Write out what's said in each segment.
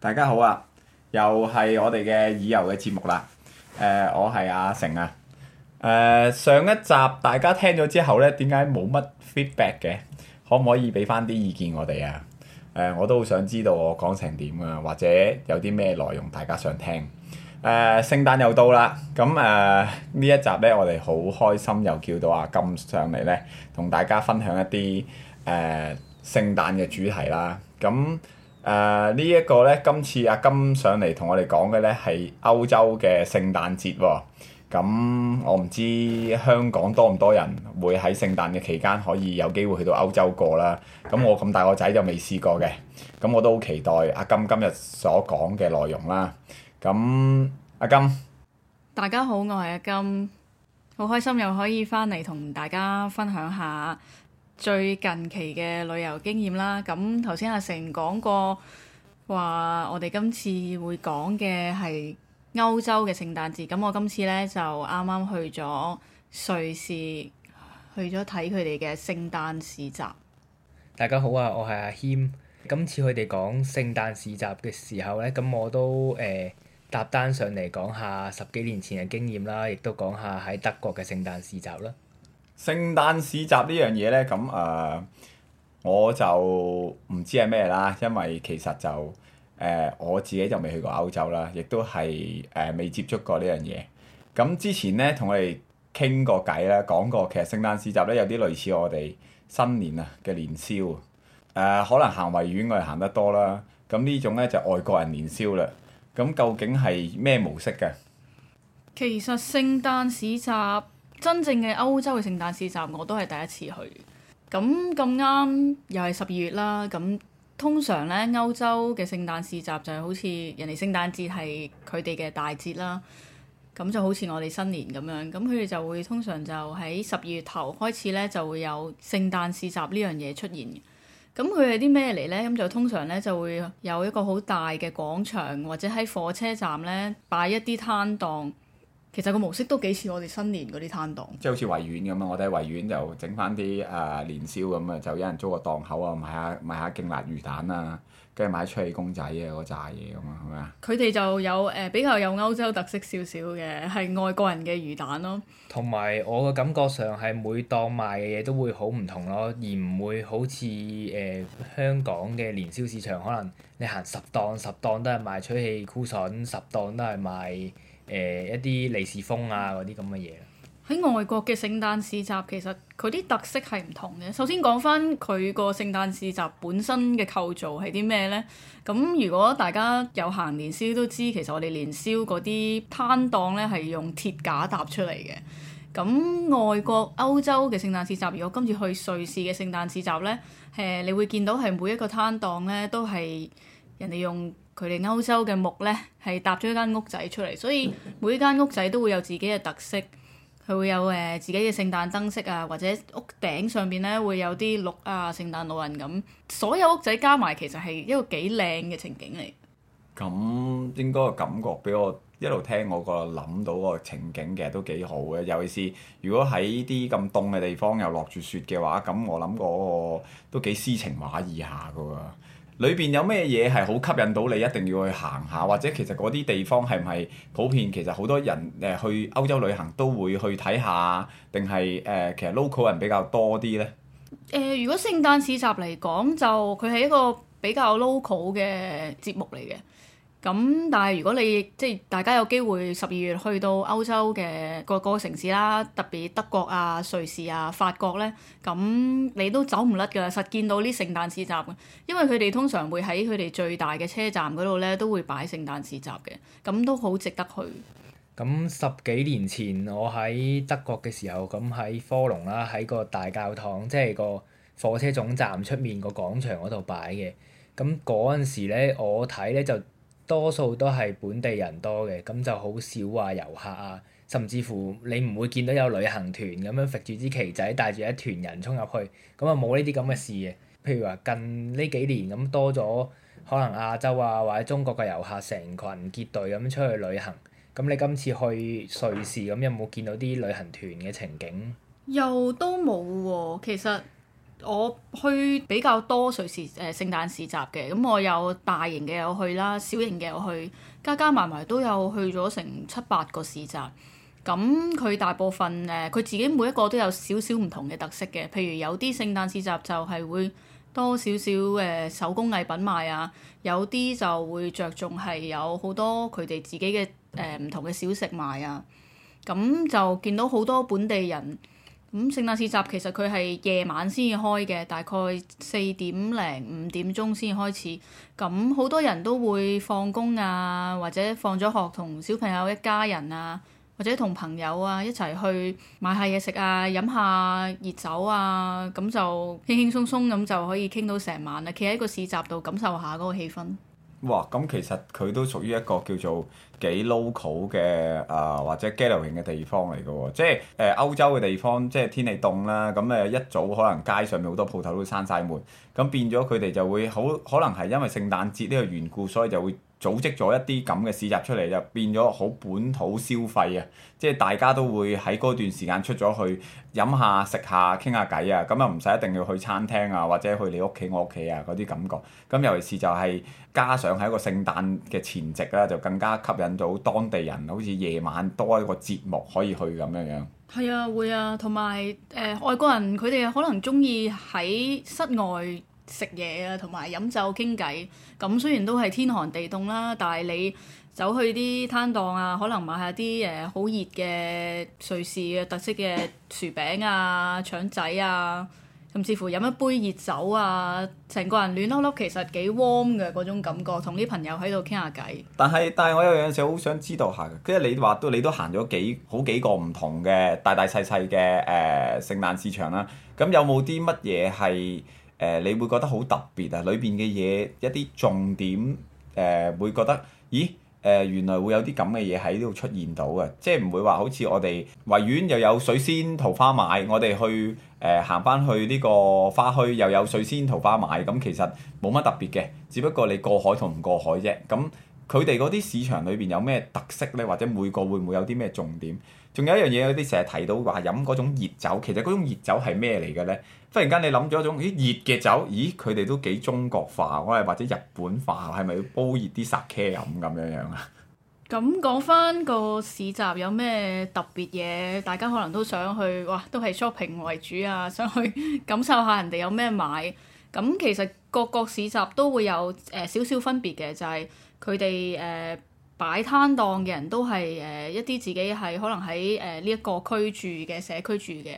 大家好啊！又係我哋嘅耳遊嘅節目啦。誒、呃，我係阿成啊。誒、呃，上一集大家聽咗之後咧，點解冇乜 feedback 嘅？可唔可以俾翻啲意見我哋啊？誒、呃，我都好想知道我講成點啊，或者有啲咩內容大家想聽？誒、呃，聖誕又到啦，咁誒呢一集咧，我哋好開心又叫到阿柑上嚟咧，同大家分享一啲誒聖誕嘅主題啦。咁、嗯誒呢一個呢，今次阿柑上嚟同我哋講嘅呢係歐洲嘅聖誕節喎。咁、嗯、我唔知香港多唔多人會喺聖誕嘅期間可以有機會去到歐洲過啦。咁、嗯嗯、我咁大個仔就未試過嘅，咁、嗯、我都好期待阿柑今日所講嘅內容啦。咁、嗯、阿柑，大家好，我係阿柑，好開心又可以翻嚟同大家分享下。最近期嘅旅遊經驗啦，咁頭先阿成講過話，我哋今次會講嘅係歐洲嘅聖誕節。咁我今次咧就啱啱去咗瑞士，去咗睇佢哋嘅聖誕市集。大家好啊，我係阿謙。今次佢哋講聖誕市集嘅時候咧，咁我都誒搭單上嚟講下十幾年前嘅經驗啦，亦都講下喺德國嘅聖誕市集啦。聖誕市集呢樣嘢呢，咁誒、呃、我就唔知係咩啦，因為其實就誒、呃、我自己就未去過歐洲啦，亦都係誒未接觸過呢樣嘢。咁之前呢，同我哋傾過偈啦，講過其實聖誕市集呢有啲類似我哋新年啊嘅年宵，誒可能行維園我哋行得多啦。咁呢種呢，就外國人年宵啦。咁究竟係咩模式嘅？其實聖誕市集年年。呃真正嘅歐洲嘅聖誕市集我都係第一次去，咁咁啱又係十二月啦。咁通常呢，歐洲嘅聖誕市集就係好似人哋聖誕節係佢哋嘅大節啦，咁就好似我哋新年咁樣。咁佢哋就會通常就喺十二月頭開始呢，就會有聖誕市集呢樣嘢出現嘅。咁佢係啲咩嚟呢？咁就通常呢，就會有一個好大嘅廣場，或者喺火車站呢，擺一啲攤檔。其實個模式都幾似我哋新年嗰啲攤檔，即係好似維園咁啊！我哋喺維園就整返啲誒年宵咁啊，就有人租個檔口啊，賣下賣下勁辣魚蛋啊，跟住賣吹氣公仔啊，嗰扎嘢咁啊，係咪啊？佢哋就有誒、呃、比較有歐洲特色少少嘅，係外國人嘅魚蛋咯。同埋我嘅感覺上係每檔賣嘅嘢都會好唔同咯，而唔會好似誒、呃、香港嘅年宵市場，可能你行十檔十檔都係賣吹氣咕 𠱸，十檔都係賣。誒、呃、一啲利是風啊，嗰啲咁嘅嘢喺外國嘅聖誕市集其實佢啲特色係唔同嘅。首先講翻佢個聖誕市集本身嘅構造係啲咩呢？咁如果大家有行年宵都知，其實我哋年宵嗰啲攤檔呢係用鐵架搭出嚟嘅。咁外國歐洲嘅聖誕市集，如果今次去瑞士嘅聖誕市集呢，誒你會見到係每一個攤檔呢都係人哋用。佢哋歐洲嘅木呢係搭咗一間屋仔出嚟，所以每一間屋仔都會有自己嘅特色。佢會有誒、呃、自己嘅聖誕燈飾啊，或者屋頂上面呢會有啲鹿啊、聖誕老人咁。所有屋仔加埋，其實係一個幾靚嘅情景嚟。咁應該感覺俾我一路聽我個諗到個情景，其實都幾好嘅。尤其是如果喺啲咁凍嘅地方又落住雪嘅話，咁我諗個都幾詩情畫意下嘅喎。裏邊有咩嘢係好吸引到你一定要去行下，或者其實嗰啲地方係唔係普遍其實好多人誒去歐洲旅行都會去睇下，定係誒其實 local 人比較多啲呢？誒、呃，如果聖誕市集嚟講，就佢係一個比較 local 嘅節目嚟嘅。咁但係如果你即係大家有機會十二月去到歐洲嘅各個城市啦，特別德國啊、瑞士啊、法國咧，咁你都走唔甩噶啦，實見到啲聖誕市集，因為佢哋通常會喺佢哋最大嘅車站嗰度咧，都會擺聖誕市集嘅，咁都好值得去。咁十幾年前我喺德國嘅時候，咁喺科隆啦，喺個大教堂，即係個火車總站出面個廣場嗰度擺嘅。咁嗰陣時咧，我睇咧就～多數都係本地人多嘅，咁就好少話遊客啊，甚至乎你唔會見到有旅行團咁樣揈住支旗仔，帶住一團人衝入去，咁啊冇呢啲咁嘅事嘅。譬如話近呢幾年咁多咗，可能亞洲啊或者中國嘅遊客成群結隊咁出去旅行，咁你今次去瑞士咁有冇見到啲旅行團嘅情景？又都冇喎、哦，其實。我去比較多瑞士誒、呃、聖誕市集嘅，咁我有大型嘅有去啦，小型嘅有去，加加埋埋都有去咗成七八個市集。咁佢大部分誒，佢、呃、自己每一個都有少少唔同嘅特色嘅，譬如有啲聖誕市集就係會多少少誒、呃、手工藝品賣啊，有啲就會着重係有好多佢哋自己嘅誒唔同嘅小食賣啊。咁就見到好多本地人。咁聖誕市集其實佢係夜晚先至開嘅，大概四點零五點鐘先開始。咁好多人都會放工啊，或者放咗學同小朋友一家人啊，或者同朋友啊一齊去買下嘢食啊，飲下熱酒啊，咁就輕輕鬆鬆咁就可以傾到成晚啦。企喺個市集度感受下嗰個氣氛。哇，咁其實佢都屬於一個叫做幾 local 嘅啊、呃，或者 gathering 嘅地方嚟嘅喎，即係誒、呃、歐洲嘅地方，即係天氣凍啦，咁誒一早可能街上面好多鋪頭都閂晒門，咁變咗佢哋就會好，可能係因為聖誕節呢個緣故，所以就會。組織咗一啲咁嘅市集出嚟，就變咗好本土消費啊！即係大家都會喺嗰段時間出咗去飲下、食下、傾下偈啊！咁啊唔使一定要去餐廳啊，或者去你屋企我屋企啊嗰啲感覺。咁、啊、尤其是就係、是、加上喺一個聖誕嘅前夕啦、啊，就更加吸引到當地人，好似夜晚多一個節目可以去咁樣樣。係啊，會啊，同埋誒外國人佢哋可能鍾意喺室外。食嘢啊，同埋飲酒傾偈咁，雖然都係天寒地凍啦，但係你走去啲攤檔啊，可能買下啲誒好熱嘅瑞士嘅特色嘅薯餅啊、腸仔啊，咁甚至乎飲一杯熱酒啊，成個人暖粒粒，其實幾 warm 嘅嗰種感覺，同啲朋友喺度傾下偈。但係但係，我有樣嘢好想知道下嘅，即係你話都你都行咗幾好幾個唔同嘅大大細細嘅誒聖誕市場啦，咁有冇啲乜嘢係？誒、呃、你會覺得好特別啊，裏邊嘅嘢一啲重點誒、呃、會覺得，咦誒、呃、原來會有啲咁嘅嘢喺呢度出現到嘅，即係唔會話好似我哋維園又有水仙桃花賣，我哋去誒行翻去呢個花墟又有水仙桃花賣，咁、嗯、其實冇乜特別嘅，只不過你過海同唔過海啫。咁佢哋嗰啲市場裏邊有咩特色呢？或者每個會唔會有啲咩重點？仲有一樣嘢，有啲成日提到話飲嗰種熱酒，其實嗰種熱酒係咩嚟嘅咧？忽然間你諗咗一種，咦熱嘅酒，咦佢哋都幾中國化，我或者日本化，係咪要煲熱啲殺茄飲咁樣樣啊？咁講翻個市集有咩特別嘢，大家可能都想去，哇，都係 shopping 為主啊！想去感受下人哋有咩買。咁其實各國市集都會有誒少少分別嘅，就係佢哋誒。呃擺攤檔嘅人都係誒、呃、一啲自己係可能喺誒呢一個區住嘅社區住嘅，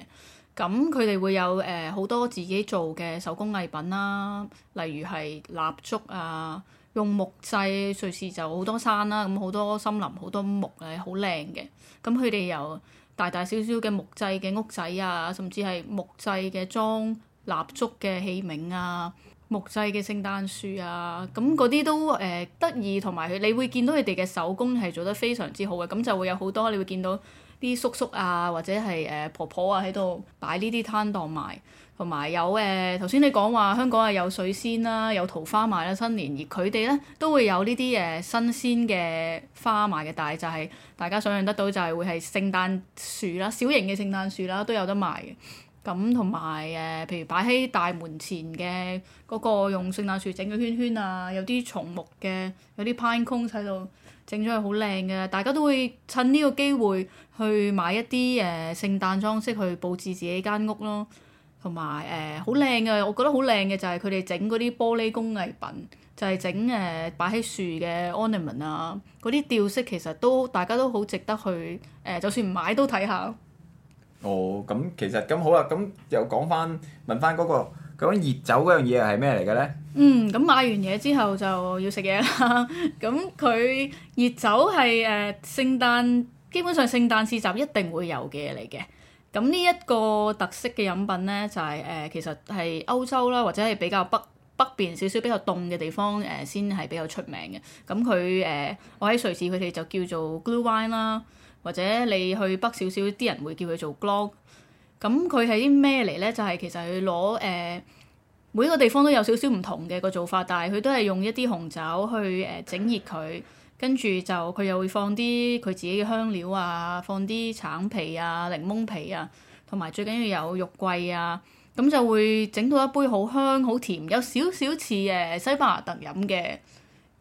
咁佢哋會有誒好、呃、多自己做嘅手工藝品啦、啊，例如係蠟燭啊，用木製，瑞士就好多山啦，咁、啊、好多森林好多木誒好靚嘅，咁佢哋有大大小小嘅木製嘅屋仔啊，甚至係木製嘅裝蠟燭嘅器皿啊。木製嘅聖誕樹啊，咁嗰啲都誒、呃、得意，同埋佢，你會見到佢哋嘅手工係做得非常之好嘅，咁就會有好多你會見到啲叔叔啊，或者係誒、呃、婆婆啊喺度擺呢啲攤檔賣，同埋有誒頭先你講話香港係有水仙啦、啊，有桃花賣啦、啊，新年而佢哋咧都會有呢啲誒新鮮嘅花賣嘅，但係就係、是、大家想象得到就係會係聖誕樹啦，小型嘅聖誕樹啦都有得賣嘅。咁同埋誒，譬如擺喺大門前嘅嗰個用聖誕樹整嘅圈圈啊，有啲松木嘅，有啲 pinecone 喺度整咗係好靚嘅，大家都會趁呢個機會去買一啲誒、呃、聖誕裝飾去佈置自己間屋咯。同埋誒好靚嘅，我覺得好靚嘅就係佢哋整嗰啲玻璃工藝品，就係整誒擺喺樹嘅 ornament 啊，嗰啲吊飾其實都大家都好值得去誒、呃，就算唔買都睇下。哦，咁其實咁好啦，咁又講翻問翻嗰個講熱酒嗰樣嘢又係咩嚟嘅咧？嗯，咁、嗯、買完嘢之後就要食嘢啦。咁 佢、嗯、熱酒係誒、呃、聖誕，基本上聖誕市集一定會有嘅嘢嚟嘅。咁呢一個特色嘅飲品咧，就係、是、誒、呃、其實係歐洲啦，或者係比較北北邊少少比較凍嘅地方誒、呃，先係比較出名嘅。咁佢誒我喺瑞士，佢哋就叫做 glue wine 啦。或者你去北少少啲人會叫佢做 Glog 咁佢係啲咩嚟呢？就係、是、其實佢攞誒每一個地方都有少少唔同嘅個做法，但係佢都係用一啲紅酒去誒、呃、整熱佢，跟住就佢又會放啲佢自己嘅香料啊，放啲橙皮啊、檸檬皮啊，同埋最緊要有肉桂啊。咁就會整到一杯好香好甜，有少少似誒西班牙特飲嘅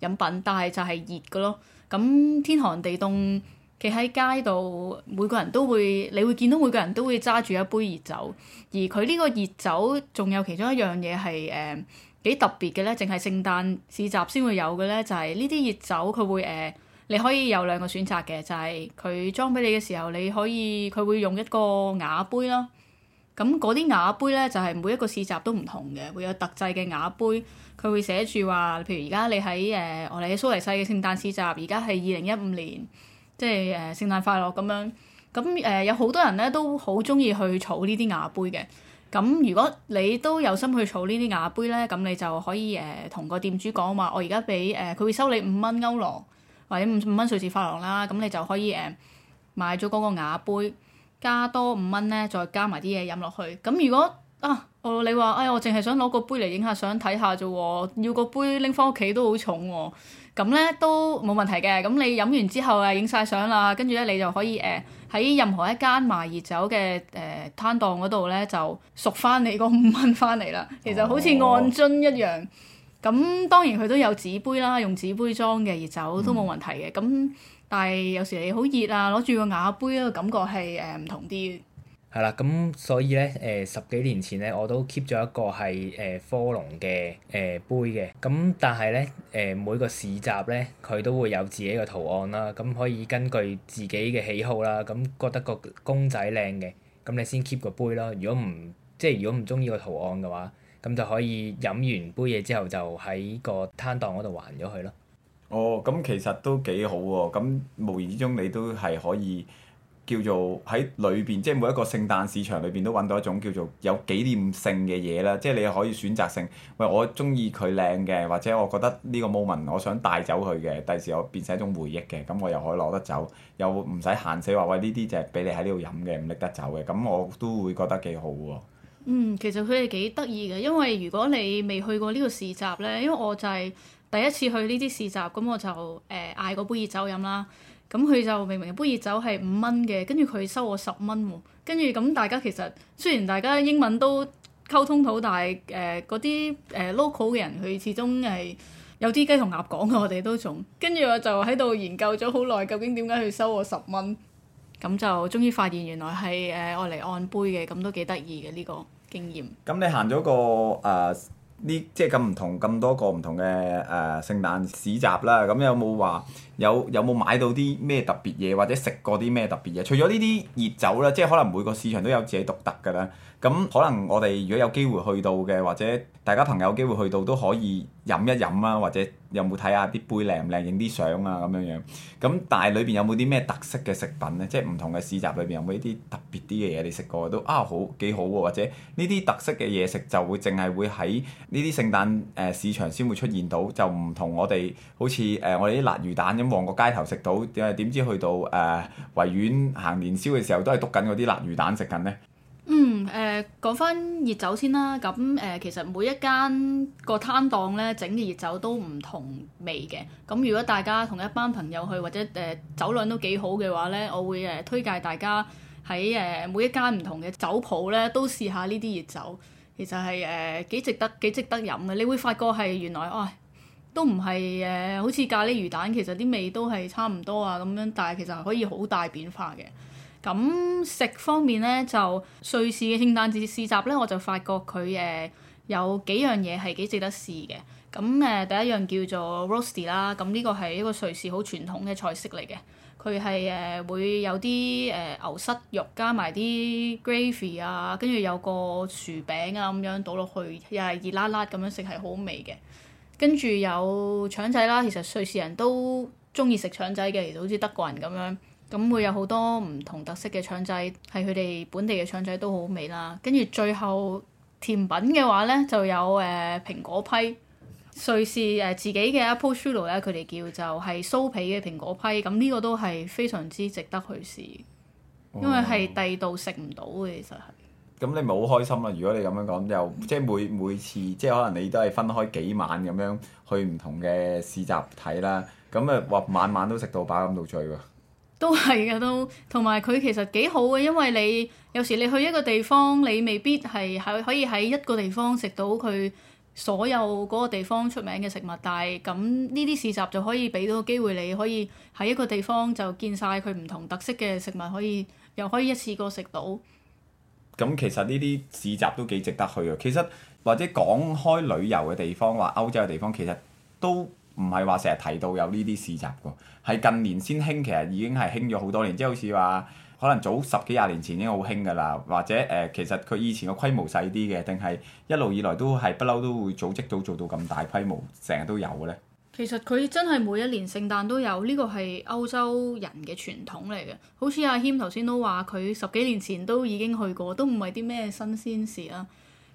飲品，但係就係熱㗎咯。咁天寒地凍。企喺街度，每個人都會，你會見到每個人都會揸住一杯熱酒。而佢呢個熱酒，仲有其中一樣嘢係誒幾特別嘅咧，淨係聖誕市集先會有嘅咧，就係呢啲熱酒佢會誒、呃，你可以有兩個選擇嘅，就係佢裝俾你嘅時候，你可以佢會用一個瓦杯囉。咁嗰啲瓦杯咧，就係每一個市集都唔同嘅，會有特製嘅瓦杯，佢會寫住話，譬如而家你喺誒我哋喺蘇黎世嘅聖誕市集，而家係二零一五年。即係誒聖誕快樂咁樣，咁誒、呃、有好多人咧都好中意去儲呢啲牙杯嘅。咁如果你都有心去儲瓦呢啲牙杯咧，咁你就可以誒同個店主講啊嘛，我而家俾誒佢會收你五蚊歐羅，或者五五蚊瑞士法郎啦。咁你就可以誒、呃、買咗嗰個牙杯，加多五蚊咧，再加埋啲嘢飲落去。咁如果啊，呃、你話哎呀，我淨係想攞個杯嚟影下相睇下啫喎，要個杯拎翻屋企都好重喎、啊。咁咧都冇問題嘅，咁你飲完之後誒影晒相啦，跟住咧你就可以誒喺、呃、任何一間賣熱酒嘅誒、呃、攤檔嗰度咧就贖翻你個五蚊翻嚟啦。其實好似按樽一樣。咁、哦、當然佢都有紙杯啦，用紙杯裝嘅熱酒都冇問題嘅。咁、嗯、但係有時你好熱啊，攞住個瓦杯個、啊、感覺係誒唔同啲。係啦，咁、嗯、所以咧，誒、呃、十幾年前咧，我都 keep 咗一個係誒、呃、科隆嘅誒、呃、杯嘅。咁但係咧，誒、呃、每個市集咧，佢都會有自己嘅圖案啦。咁、嗯、可以根據自己嘅喜好啦，咁、嗯、覺得個公仔靚嘅，咁、嗯、你先 keep 個杯咯。如果唔即係如果唔中意個圖案嘅話，咁就可以飲完杯嘢之後就喺個攤檔嗰度還咗佢咯。哦，咁其實都幾好喎、啊。咁無意之中你都係可以。叫做喺裏邊，即係每一個聖誕市場裏邊都揾到一種叫做有紀念性嘅嘢啦。即係你可以選擇性，喂，我中意佢靚嘅，或者我覺得呢個 moment 我想帶走佢嘅，第時我變成一種回憶嘅，咁我又可以攞得走，又唔使限死話喂，呢啲就係俾你喺呢度飲嘅，唔拎得走嘅。咁我都會覺得幾好喎。嗯，其實佢哋幾得意嘅，因為如果你未去過呢個市集呢，因為我就係第一次去呢啲市集，咁我就誒嗌個杯熱酒飲啦。咁佢就明明一杯熱酒係五蚊嘅，跟住佢收我十蚊喎。跟住咁大家其實雖然大家英文都溝通到，但係誒、呃、嗰啲誒、呃、local 嘅人佢始終係有啲雞同鴨講嘅。我哋都仲跟住我就喺度研究咗好耐，究竟點解佢收我十蚊？咁就終於發現原來係誒愛嚟按杯嘅，咁都幾得意嘅呢個經驗。咁你行咗個誒？Uh, 呢即係咁唔同咁多個唔同嘅誒聖誕市集啦，咁有冇話有有冇買到啲咩特別嘢，或者食過啲咩特別嘢？除咗呢啲熱酒啦，即係可能每個市場都有自己獨特㗎啦。咁、嗯、可能我哋如果有機會去到嘅，或者大家朋友有機會去到都可以飲一飲啊，或者有冇睇下啲杯靚唔靚，影啲相啊咁樣樣。咁但係裏邊有冇啲咩特色嘅食品呢？即係唔同嘅市集裏邊有冇一啲特別啲嘅嘢你食過都啊好幾好喎，或者呢啲特色嘅嘢食就會淨係會喺呢啲聖誕誒、呃、市場先會出現到，就唔同我哋好似誒、呃、我哋啲辣魚蛋咁旺角街頭食到，點知去到誒、呃、維園行年宵嘅時候都係篤緊嗰啲辣魚蛋食緊呢。嗯，誒講翻熱酒先啦，咁誒、呃、其實每一間個攤檔咧整嘅熱酒都唔同味嘅。咁如果大家同一班朋友去或者誒、呃、酒量都幾好嘅話咧，我會誒、呃、推介大家喺誒、呃、每一間唔同嘅酒鋪咧都試下呢啲熱酒。其實係誒幾值得幾值得飲嘅。你會發覺係原來，哦、哎，都唔係誒，好似咖喱魚蛋，其實啲味都係差唔多啊咁樣，但係其實可以好大變化嘅。咁食方面咧，就瑞士嘅聖誕節市集咧，我就發覺佢誒、呃、有幾樣嘢係幾值得試嘅。咁、呃、誒第一樣叫做 Rösti 啦，咁、這、呢個係一個瑞士好傳統嘅菜式嚟嘅。佢係誒會有啲誒、呃、牛膝肉加埋啲 gravy 啊，跟住有個薯餅啊咁樣倒落去，又係熱辣辣咁樣食係好味嘅。跟住有腸仔啦，其實瑞士人都中意食腸仔嘅，就好似德國人咁樣。咁會有好多唔同特色嘅腸仔，係佢哋本地嘅腸仔都好味啦。跟住最後甜品嘅話呢，就有誒蘋果批瑞士誒自己嘅 Apple Churro 咧，佢哋叫就係酥皮嘅蘋果批。咁、呃、呢呢呢個都係非常之值得去試，因為係第二度食唔到嘅，其實係。咁、哦、你咪好開心啦！如果你咁樣講，又即係每每次即係可能你都係分開幾晚咁樣去唔同嘅市集睇啦。咁啊，話晚晚都食到飽，飲到醉喎。都係嘅，都同埋佢其實幾好嘅，因為你有時你去一個地方，你未必係喺可以喺一個地方食到佢所有嗰個地方出名嘅食物，但係咁呢啲市集就可以俾到個機會你可以喺一個地方就見晒佢唔同特色嘅食物，可以又可以一次過食到。咁其實呢啲市集都幾值得去啊！其實或者講開旅遊嘅地方，話歐洲嘅地方其實都唔係話成日提到有呢啲市集嘅，係近年先興。其實已經係興咗好多年，即係好似話可能早十幾廿年前已經好興嘅啦。或者誒、呃，其實佢以前個規模細啲嘅，定係一路以來都係不嬲都會組織到做到咁大規模，成日都有嘅咧。其實佢真係每一年聖誕都有，呢個係歐洲人嘅傳統嚟嘅。好似阿謙頭先都話佢十幾年前都已經去過，都唔係啲咩新鮮事啊。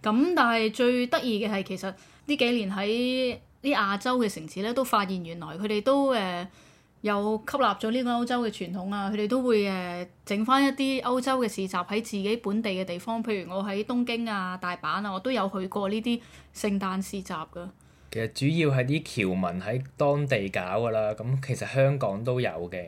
咁但係最得意嘅係其實呢幾年喺啲亞洲嘅城市咧都發現原來佢哋都誒有吸納咗呢個歐洲嘅傳統啊！佢哋都會誒整返一啲歐洲嘅市集喺自己本地嘅地方，譬如我喺東京啊、大阪啊，我都有去過呢啲聖誕市集㗎。其實主要係啲僑民喺當地搞㗎啦。咁其實香港都有嘅，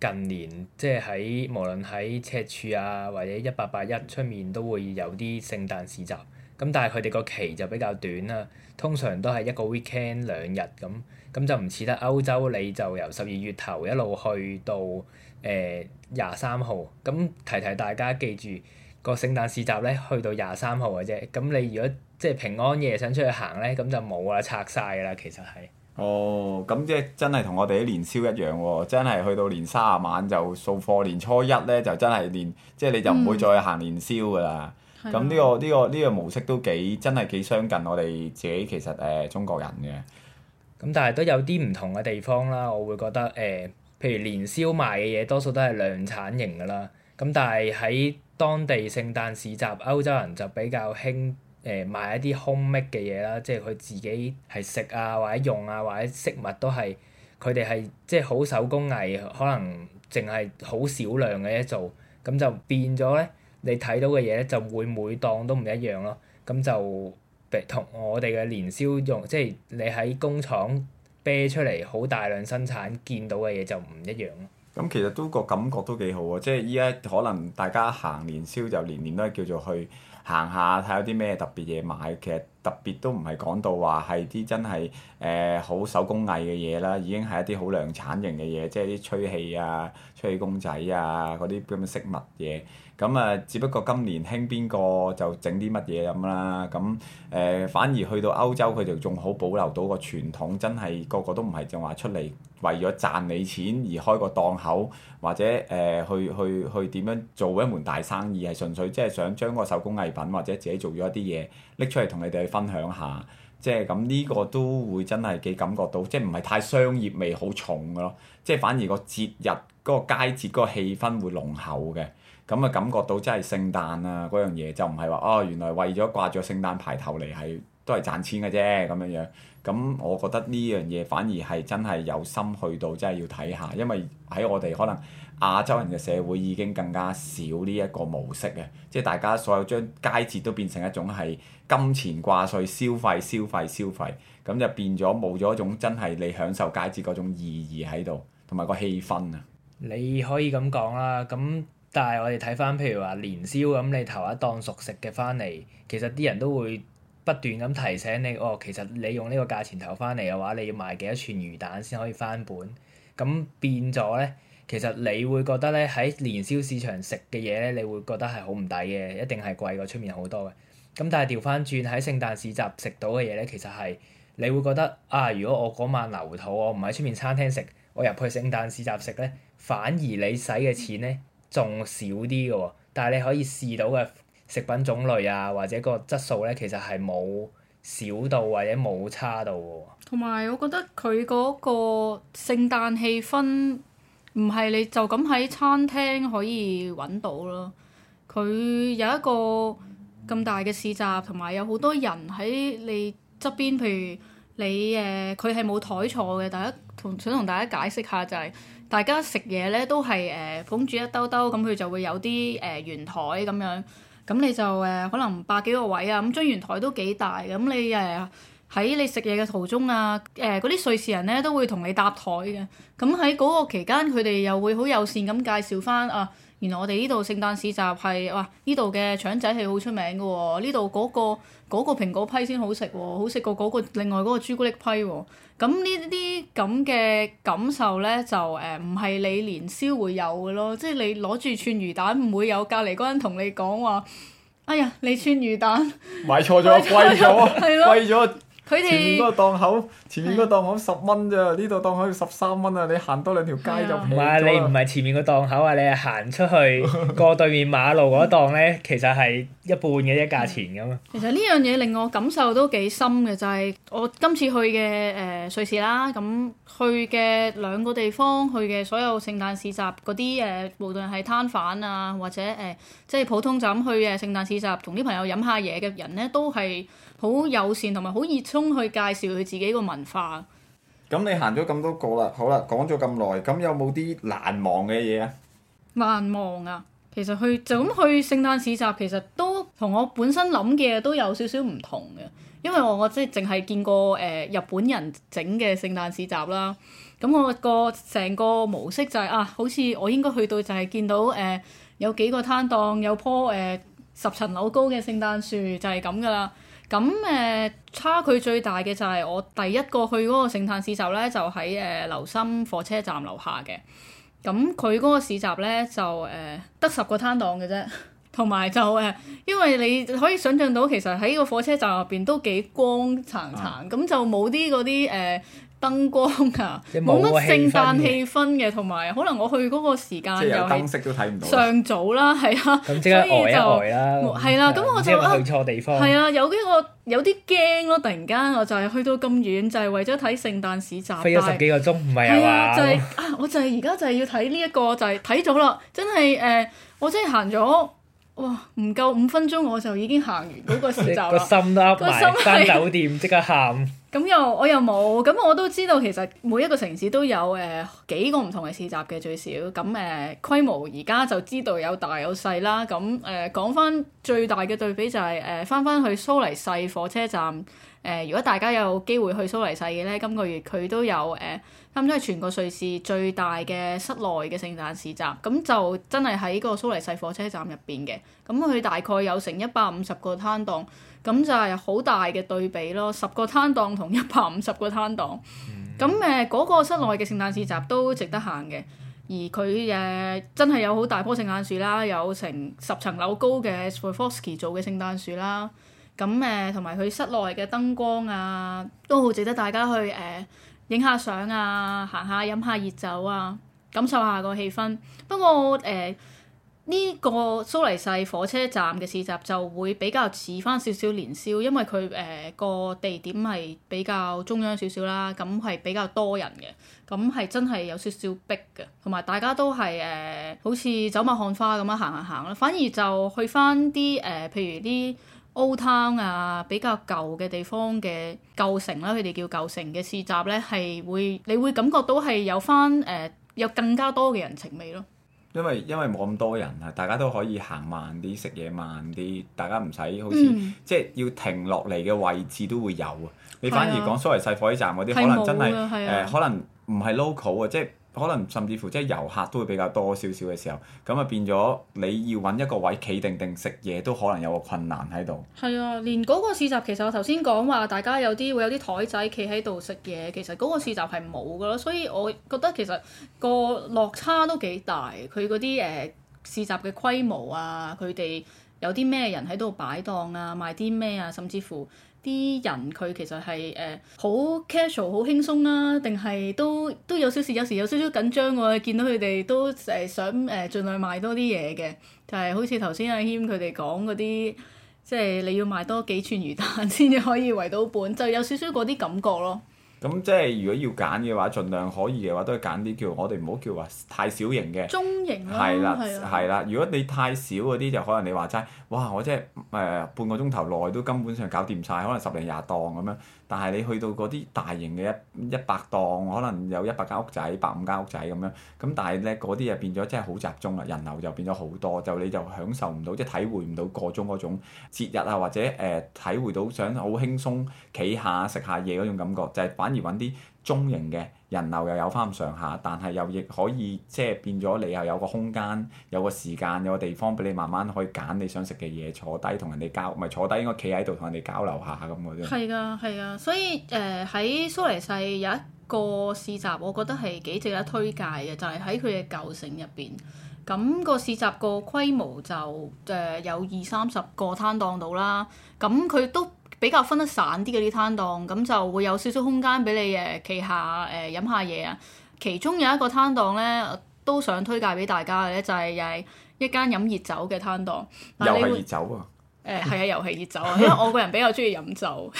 近年即係喺無論喺赤柱啊或者一八八一出面都會有啲聖誕市集。咁但係佢哋個期就比較短啦，通常都係一個 weekend 兩日咁，咁就唔似得歐洲，你就由十二月頭一路去到誒廿三號。咁、呃、提提大家記住個聖誕市集咧，去到廿三號嘅啫。咁你如果即係平安夜想出去行咧，咁就冇啦，拆晒㗎啦。其實係。哦，咁即係真係同我哋啲年宵一樣喎。哦，真係去到年卅晚就掃貨，年初一咧就真係年，即係你就唔會再行年宵㗎啦。嗯。咁呢、呢個呢個呢個模式都幾真係幾相近我哋自己其實誒、呃、中國人嘅。咁但係都有啲唔同嘅地方啦。我會覺得誒、呃，譬如年宵賣嘅嘢多數都係量產型噶啦，咁但係喺當地聖誕市集，歐洲人就比較興誒賣一啲 home make 嘅嘢啦，即係佢自己係食啊或者用啊或者食物都係佢哋係即係好手工藝，可能淨係好少量嘅嘢做，咁就變咗咧。你睇到嘅嘢咧就會每檔都唔一樣咯，咁就同我哋嘅年宵用，即係你喺工廠啤出嚟好大量生產，見到嘅嘢就唔一樣咯。咁、嗯、其實都個感覺都幾好啊，即係依家可能大家行年宵就年年都係叫做去。行下睇有啲咩特別嘢買，其實特別都唔係講到話係啲真係誒好手工藝嘅嘢啦，已經係一啲好量產型嘅嘢，即係啲吹氣啊、吹氣公仔啊嗰啲咁嘅飾物嘢。咁啊、呃，只不過今年興邊個就整啲乜嘢咁啦。咁誒、呃，反而去到歐洲，佢就仲好保留到個傳統，真係個個都唔係淨話出嚟，.為咗賺你錢而開個檔口，或者誒、呃、去去去點樣做一門大生意，係純粹即係想將嗰個手工藝品或者自己做咗一啲嘢拎出嚟同你哋去分享下，即係咁呢個都會真係幾感覺到，即係唔係太商業味好重㗎咯，即係反而個節日嗰、嗰個佳節嗰個氣氛會濃厚嘅，咁啊感覺到真係聖誕啊嗰樣嘢就唔係話哦原來為咗掛著聖誕牌頭嚟係都係賺錢嘅啫咁樣樣。咁我覺得呢樣嘢反而係真係有心去到，真係要睇下，因為喺我哋可能亞洲人嘅社會已經更加少呢一個模式嘅，即係大家所有將佳節都變成一種係金錢掛帥、消費消費消費，咁就變咗冇咗一種真係你享受佳節嗰種意義喺度，同埋個氣氛啊。你可以咁講啦，咁但係我哋睇返譬如話年宵，咁你投一檔熟食嘅返嚟，其實啲人都會。不斷咁提醒你，哦，其實你用呢個價錢投翻嚟嘅話，你要賣幾多串魚蛋先可以翻本？咁變咗咧，其實你會覺得咧喺年宵市場食嘅嘢咧，你會覺得係好唔抵嘅，一定係貴過出面好多嘅。咁但係調翻轉喺聖誕市集食到嘅嘢咧，其實係你會覺得啊，如果我嗰晚留肚，我唔喺出面餐廳食，我入去聖誕市集食咧，反而你使嘅錢咧仲少啲嘅喎，但係你可以試到嘅。食品種類啊，或者個質素咧，其實係冇少到或者冇差到喎。同埋，我覺得佢嗰個聖誕氣氛唔係你就咁喺餐廳可以揾到咯。佢有一個咁大嘅市集，同埋有好多人喺你側邊。譬如你誒，佢係冇台坐嘅。大家同想同大家解釋下就係、是、大家食嘢咧都係誒、呃、捧住一兜兜咁，佢就會有啲誒、呃、圓台咁樣。咁你就誒、呃、可能百幾個位啊，咁張圓台都幾大，咁、嗯、你誒喺、呃、你食嘢嘅途中啊，誒嗰啲瑞士人咧都會同你搭台嘅，咁喺嗰個期間佢哋又會好友善咁介紹翻啊，原來我哋呢度聖誕市集係哇，呢度嘅腸仔係好出名嘅喎、哦，呢度嗰個嗰、嗰個蘋果批先好食喎、哦，好食過嗰、嗰個另外嗰個朱古力批喎、哦。咁呢啲咁嘅感受咧，就誒唔係你年宵會有嘅咯，即係你攞住串魚蛋唔會有，隔離嗰人同你講話，哎呀，你串魚蛋買錯咗，貴咗， 貴咗。佢前面嗰個檔口，前面嗰檔口十蚊啫，呢度的檔口要十三蚊啊！你行多兩條街就唔係你唔係前面個檔口啊！你係行出去 過對面馬路嗰檔咧，其實係一半嘅價錢咁啊。其實呢樣嘢令我感受都幾深嘅，就係、是、我今次去嘅誒、呃、瑞士啦。咁去嘅兩個地方，去嘅所有聖誕市集嗰啲誒，無論係攤販啊，或者誒、呃，即係普通就咁去誒聖誕市集，同啲朋友飲下嘢嘅人咧，都係。好友善，同埋好熱衷去介紹佢自己個文化。咁你行咗咁多個啦，好啦，講咗咁耐，咁有冇啲難忘嘅嘢啊？難忘啊，其實去就咁去聖誕市集，其實都同我本身諗嘅都有少少唔同嘅，因為我我即係淨係見過誒、呃、日本人整嘅聖誕市集啦。咁我個成個模式就係、係、啊，好似我應該去到就係見到誒、呃、有幾個攤檔，有棵誒、呃、十層樓高嘅聖誕樹，就係咁噶啦。咁誒、呃、差距最大嘅就係我第一個去嗰個聖誕市集呢，就喺誒琉森火車站樓下嘅。咁佢嗰個市集呢，就誒得、呃、十個攤檔嘅啫，同埋就誒、呃，因為你可以想象到其實喺個火車站入邊都幾光燦燦，咁、啊、就冇啲嗰啲誒。燈光啊，冇乜聖誕氣氛嘅，同埋可能我去嗰個時間有燈飾都睇唔到。上早啦，係啊，所以就係啦，咁我就去錯地方。係啊，有幾個有啲驚咯，突然間我就係去到咁遠，就係為咗睇聖誕市集，飛咗十幾個鐘，唔係啊，就係啊，我就係而家就係要睇呢一個，就係睇咗啦，真係誒，我真係行咗哇唔夠五分鐘，我就已經行完嗰個市集啦，個心都噏埋翻酒店，即刻喊。咁又我又冇，咁我都知道其實每一個城市都有誒、呃、幾個唔同嘅市集嘅最少，咁、呃、誒規模而家就知道有大有細啦。咁、嗯、誒、呃、講翻最大嘅對比就係誒翻翻去蘇黎世火車站，誒、呃、如果大家有機會去蘇黎世嘅呢，今個月佢都有誒，啱唔啱？係全個瑞士最大嘅室內嘅聖誕市集，咁、嗯、就真係喺個蘇黎世火車站入邊嘅。咁、嗯、佢大概有成一百五十個攤檔。咁就係好大嘅對比咯，十個攤檔同一百五十個攤檔。咁誒嗰個室內嘅聖誕市集都值得行嘅，而佢誒、呃、真係有好大棵聖誕樹啦，有成十層樓高嘅 Swarovski 做嘅聖誕樹啦。咁誒同埋佢室內嘅燈光啊，都好值得大家去誒影、呃、下相啊，行下飲下熱酒啊，感受下個氣氛。不過誒、呃呢個蘇黎世火車站嘅市集就會比較似翻少少年宵，因為佢誒個地點係比較中央少少啦，咁、嗯、係比較多人嘅，咁、嗯、係真係有少少逼嘅，同埋大家都係誒、呃、好似走馬看花咁樣行行行啦，反而就去翻啲誒譬如啲 old town 啊比較舊嘅地方嘅舊城啦，佢哋叫舊城嘅市集呢，係會你會感覺到係有翻誒、呃、有更加多嘅人情味咯。因為因為冇咁多人啊，大家都可以行慢啲，食嘢慢啲，大家唔使好似、嗯、即係要停落嚟嘅位置都會有啊。你反而講蘇黎世火車站嗰啲，可能真係誒，呃、的可能唔係 local 啊，即係。可能甚至乎即係遊客都會比較多少少嘅時候，咁啊變咗你要揾一個位企定定食嘢都可能有個困難喺度。係啊，連嗰個市集其實我頭先講話，大家有啲會有啲枱仔企喺度食嘢，其實嗰個市集係冇㗎咯，所以我覺得其實個落差都幾大。佢嗰啲誒市集嘅規模啊，佢哋有啲咩人喺度擺檔啊，賣啲咩啊，甚至乎。啲人佢其實係誒好 casual 好輕鬆啦，定係都都有少少有時有少少緊張喎。見到佢哋都誒、呃、想誒、呃、盡量賣多啲嘢嘅，就係、是、好似頭先阿謙佢哋講嗰啲，即、就、係、是、你要賣多幾串魚蛋先至可以圍到本，就有少少嗰啲感覺咯。咁即係如果要揀嘅話，儘量可以嘅話，都係揀啲叫我哋唔好叫話太小型嘅，中型咯，係啦係啦。如果你太少嗰啲，就可能你話齋，哇！我即係誒、呃、半個鐘頭內都根本上搞掂晒，可能十零廿檔咁樣。但係你去到嗰啲大型嘅一一百檔，可能有一百間屋仔、百五間屋仔咁樣。咁、嗯、但係咧嗰啲就變咗真係好集中啦，人流就變咗好多，就你就享受唔到，即係體會唔到個中嗰種節日啊，或者誒、呃、體會到想好輕鬆企下食下嘢嗰種感覺，就係、是、反。反而揾啲中型嘅人流又有翻咁上下，但係又亦可以即係、就是、變咗你又有個空間，有個時間，有個地方俾你慢慢可以揀你想食嘅嘢，坐低同人哋交，唔係坐低應該企喺度同人哋交流下咁嘅啫。係啊，係啊，所以誒，喺蘇黎世有一個市集，我覺得係幾值得推介嘅，就係喺佢嘅舊城入邊，咁、那個市集個規模就誒、呃，有二三十個攤檔到啦。咁佢都。比較分得散啲嗰啲攤檔，咁就會有少少空間俾你誒企下誒飲、呃、下嘢啊。其中有一個攤檔咧，都想推介俾大家嘅咧，就係又係一間飲熱酒嘅攤檔。又係熱酒啊！誒係啊，又係熱酒啊！因為我個人比較中意飲酒。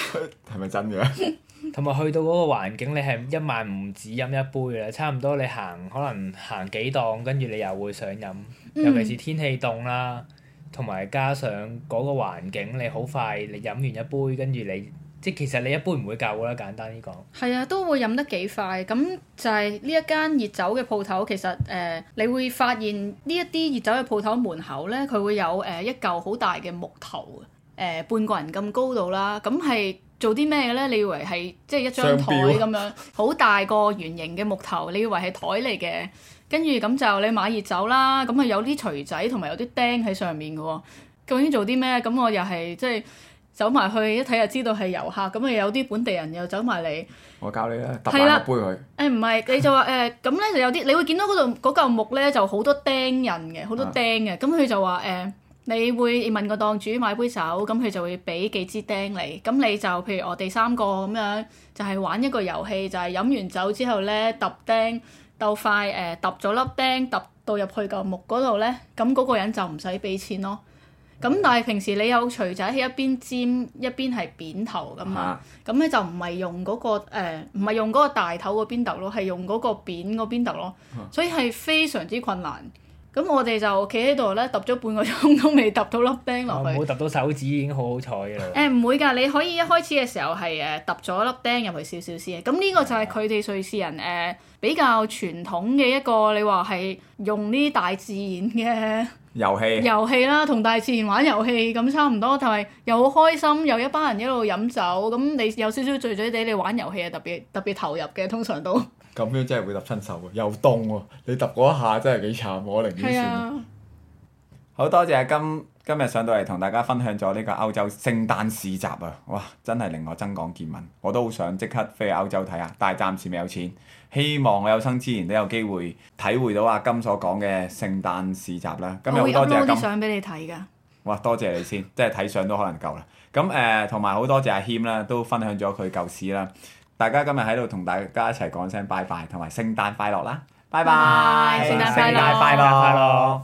係咪？ 真嘅？同埋 去到嗰個環境，你係一晚唔止飲一杯嘅，差唔多你行可能行幾檔，跟住你又會想飲，尤其是天氣凍啦。嗯 同埋加上嗰個環境，你好快你飲完一杯，跟住你即係其實你一杯唔會夠啦，簡單啲講。係啊，都會飲得幾快。咁就係呢一間熱酒嘅鋪頭，其實誒、呃，你會發現呢一啲熱酒嘅鋪頭門口呢，佢會有誒一嚿好大嘅木頭，誒、呃、半個人咁高度啦。咁係做啲咩嘅呢？你以為係即係一張台咁樣，好上表 大個圓形嘅木頭，你以為係台嚟嘅？跟住咁就你買熱酒啦，咁啊有啲錘仔同埋有啲釘喺上面嘅喎。究竟做啲咩？咁我又係即係走埋去一睇就知道係遊客。咁啊有啲本地人又走埋嚟。我教你啦，揼埋一杯佢。誒唔係，你就話誒咁咧就有啲你會見到嗰度嗰嚿木咧就好多釘人嘅，好多釘嘅。咁佢就話誒，你會問個檔主買杯酒，咁佢就會俾幾支釘你。咁你就譬如我哋三個咁樣就係玩一個遊戲，就係飲完酒之後咧揼釘。就快誒揼咗粒釘，揼到入去嚿木嗰度咧，咁嗰個人就唔使俾錢咯。咁、啊、但係平時你有錘仔喺一邊尖，一邊係扁頭噶嘛？咁咧、啊、就唔係用嗰、嗰個誒，唔、呃、係用嗰個大頭嗰邊揼咯，係用嗰個扁嗰邊揼咯。啊、所以係非常之困難。咁我哋就企喺度咧，揼咗半個鐘都未揼到粒釘落去。冇揼、哦、到手指已經好好彩嘅啦。誒唔、 欸、會㗎，你可以一開始嘅時候係誒揼咗粒釘入去少少先。咁呢個就係佢哋瑞士人誒、呃、比較傳統嘅一個，你話係用呢啲大自然嘅遊戲遊戲啦，同大自然玩遊戲咁差唔多，但係又好開心，又一班人一路飲酒，咁你有少少醉醉哋，你玩遊戲係特別特別投入嘅，通常都。咁樣真係會揼親手喎，又凍喎，啊！你揼嗰一下真係幾慘喎，寧願算。啊、好多謝阿金今日上到嚟同大家分享咗呢個歐洲聖誕市集啊！哇，真係令我增廣見聞，我都好想即刻飛去歐洲睇下。但係暫時未有錢，希望我有生之年都有機會體會到阿金所講嘅聖誕市集啦。今日好會多謝阿金。有冇啲相俾你睇噶？哇！多謝你先， 即係睇相都可能夠啦。咁誒，同埋好多謝阿謙啦，都分享咗佢舊事啦。大家今日喺度同大家一齊講聲拜拜，同埋聖誕快樂啦！拜拜，聖誕快樂，拜拜，快樂。